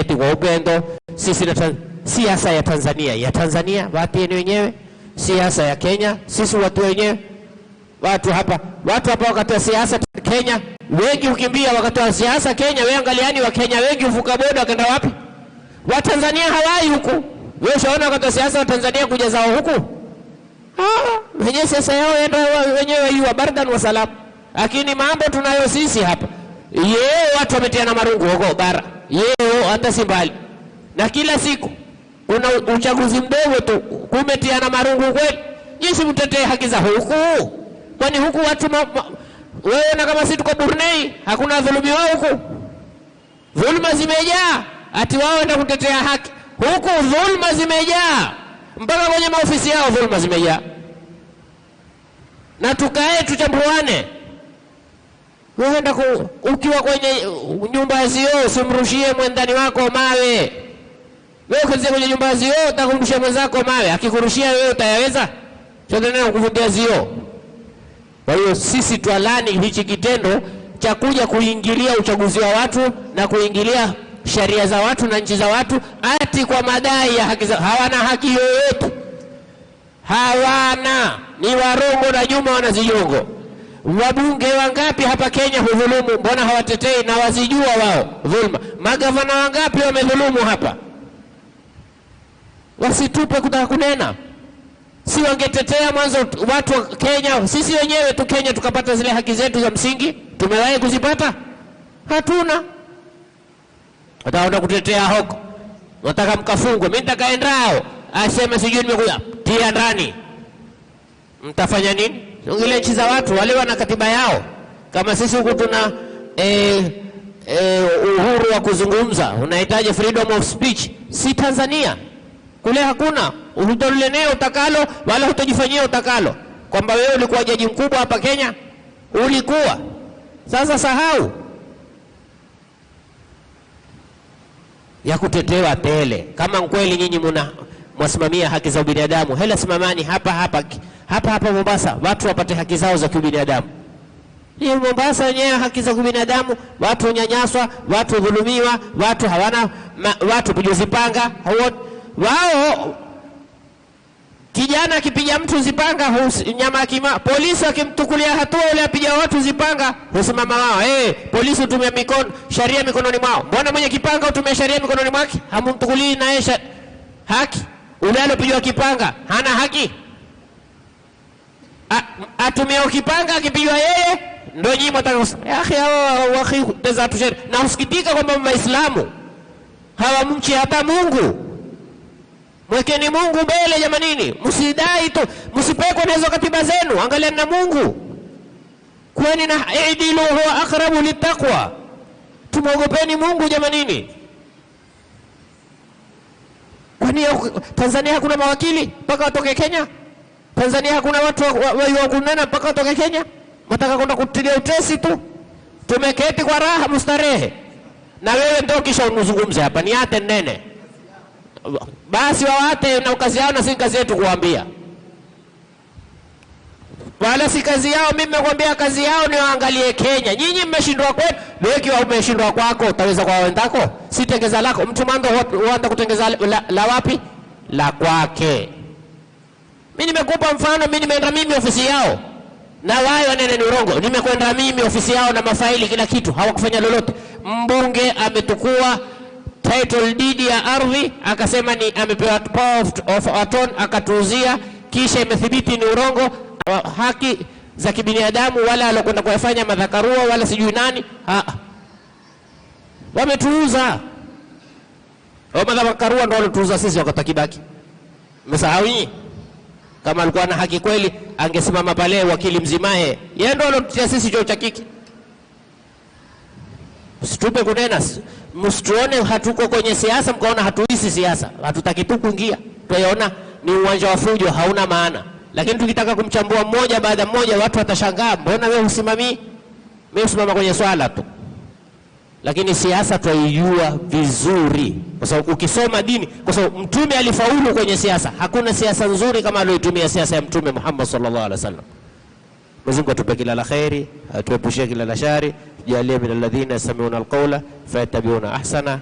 eti wa Ugendo, sisi na siasa ya Tanzania ya Tanzania, wapi ni wenyewe, siasa ya Kenya, sisi watu wenyewe, watu hapa, watu hapa wakati wa siasa Kenya wengi ukimbia wakati wa siasa Kenya. Wewe angaliani, wa Kenya wengi huvuka boda wakaenda wapi? Wa Tanzania hawai huku. Wewe ushaona wakati wa siasa wa Tanzania kuja zao huku? Ah, wenyewe siasa yao wenyewe, hiyo wa bardan wa salam, lakini mambo tunayo sisi hapa yeo watu wametiana marungu huko bara, yeo hata si mbali, na kila siku kuna uchaguzi mdogo tu kumetiana marungu kweli. Jinsi mtetee haki za huku, kwani huku watu na kama si tuko Brunei, hakuna wao huku, dhulma zimejaa, ati wao waenda kutetea haki huku, dhulma zimejaa mpaka kwenye maofisi yao, dhulma zimejaa. Na tukae tuchambuane Uenda ku, ukiwa kwenye nyumba ya zio usimrushie mwendani wako mawe. Wewe ukianzia kwenye nyumba ya zio utakumrushia mwenzako mawe, akikurushia wewe utayaweza? Sio kuvutia zio. Kwa hiyo sisi twalani hichi kitendo cha kuja kuingilia uchaguzi wa watu na kuingilia sheria za watu na nchi za watu, ati kwa madai ya haki za. Hawana haki yoyote, hawana. Ni warongo na nyuma wanazijongo Wabunge wangapi hapa Kenya hudhulumu? Mbona hawatetei na wazijua wao dhulma? Magavana wangapi wamedhulumu hapa? Wasitupe kutaka kunena, si wangetetea mwanzo watu wa Kenya? Sisi wenyewe tu Kenya tukapata zile haki zetu za msingi, tumewahi kuzipata? Hatuna. Wataenda kutetea hoko, nataka mkafungwe. Mimi nitakaendao aseme sijui nimekuja, tia ndani, mtafanya nini? Ile nchi za watu wale wana katiba yao, kama sisi huku tuna eh, eh, uhuru wa kuzungumza, unahitaji freedom of speech. Si Tanzania kule hakuna, hutolenea utakalo wala hutojifanyia utakalo, kwamba wewe ulikuwa jaji mkubwa hapa Kenya, ulikuwa sasa, sahau ya kutetewa tele. Kama kweli nyinyi mwasimamia haki za binadamu, hela simamani hapa hapa hapa hapa Mombasa watu wapate haki zao za kibinadamu. Hii Mombasa yenyewe haki za kibinadamu, watu nyanyaswa, watu dhulumiwa, watu hawana ma, watu kujizipanga wao. Kijana akipiga mtu zipanga nyama kima, polisi akimtukulia hatua yule apiga watu zipanga husimama wao. Hey, eh, polisi utumia mikono, sharia mikononi mwao. Mbona mwenye kipanga utumia sharia mikononi mwake? Hamumtukulii naye haki? Ule alopigwa kipanga hana haki? atumia ukipanga akipigwa yeye ndio nyinyi mtakaosema. Na usikitika kwamba Waislamu hawamchi hata Mungu. Mwekeni Mungu mbele jamanini, msidai tu, msipekwe na hizo katiba zenu, angalieni na Mungu. kweni na idilu, huwa aqrabu litaqwa tumwogopeni Mungu jamanini. Kwani Tanzania hakuna mawakili mpaka watoke Kenya? Tanzania hakuna watu wakunena wa, wa mpaka watoke Kenya, mataka kwenda kutilia utesi tu. Tumeketi kwa raha mustarehe, na wewe ndio kisha unuzungumze hapa ni ate nene basi wawate na kazi yao, na si kazi yetu kuambia, wala si kazi yao. Mimi nimekwambia kazi yao ni waangalie Kenya. Nyinyi mmeshindwa kwetu, wewe kiwa umeshindwa kwako, utaweza kwa wenzako? Si tengeza lako mtu mando huanda kutengeza la, la, la wapi la kwake. Mimi nimekupa mfano, mimi nimeenda mimi ofisi yao na wao wanene ni urongo. Nimekwenda mimi ofisi yao na mafaili kila kitu, hawakufanya lolote. Mbunge ametukua title deed ya ardhi akasema ni amepewa power of attorney, akatuuzia, kisha imethibiti ni urongo. Haki za kibinadamu wala alokwenda kuyafanya madhakarua wala sijui nani, wametuuza madhakarua, ndio walotuuza sisi wakati Kibaki. Mmesahau nyinyi? Kama alikuwa na haki kweli, angesimama pale wakili mzimae yeye ndo alomtia sisi cho cha kiki Msitupe kunena, msituone hatuko kwenye siasa mkaona hatuhisi siasa, hatutaki tu kuingia. Tuiona ni uwanja wa fujo, hauna maana. Lakini tukitaka kumchambua mmoja baada mmoja, watu watashangaa, mbona wewe usimamii Mimi usimama kwenye swala tu lakini siasa twaijua vizuri, kwa sababu ukisoma dini, kwa sababu mtume alifaulu kwenye siasa. Hakuna siasa nzuri kama aliyoitumia siasa ya Mtume Muhammad sallallahu alaihi wasallam. Mwenyezi Mungu atupe kila la kheri, atuepushie kila la shari, jalia min alladhina yastamiuna alqawla fayattabiuna ahsana.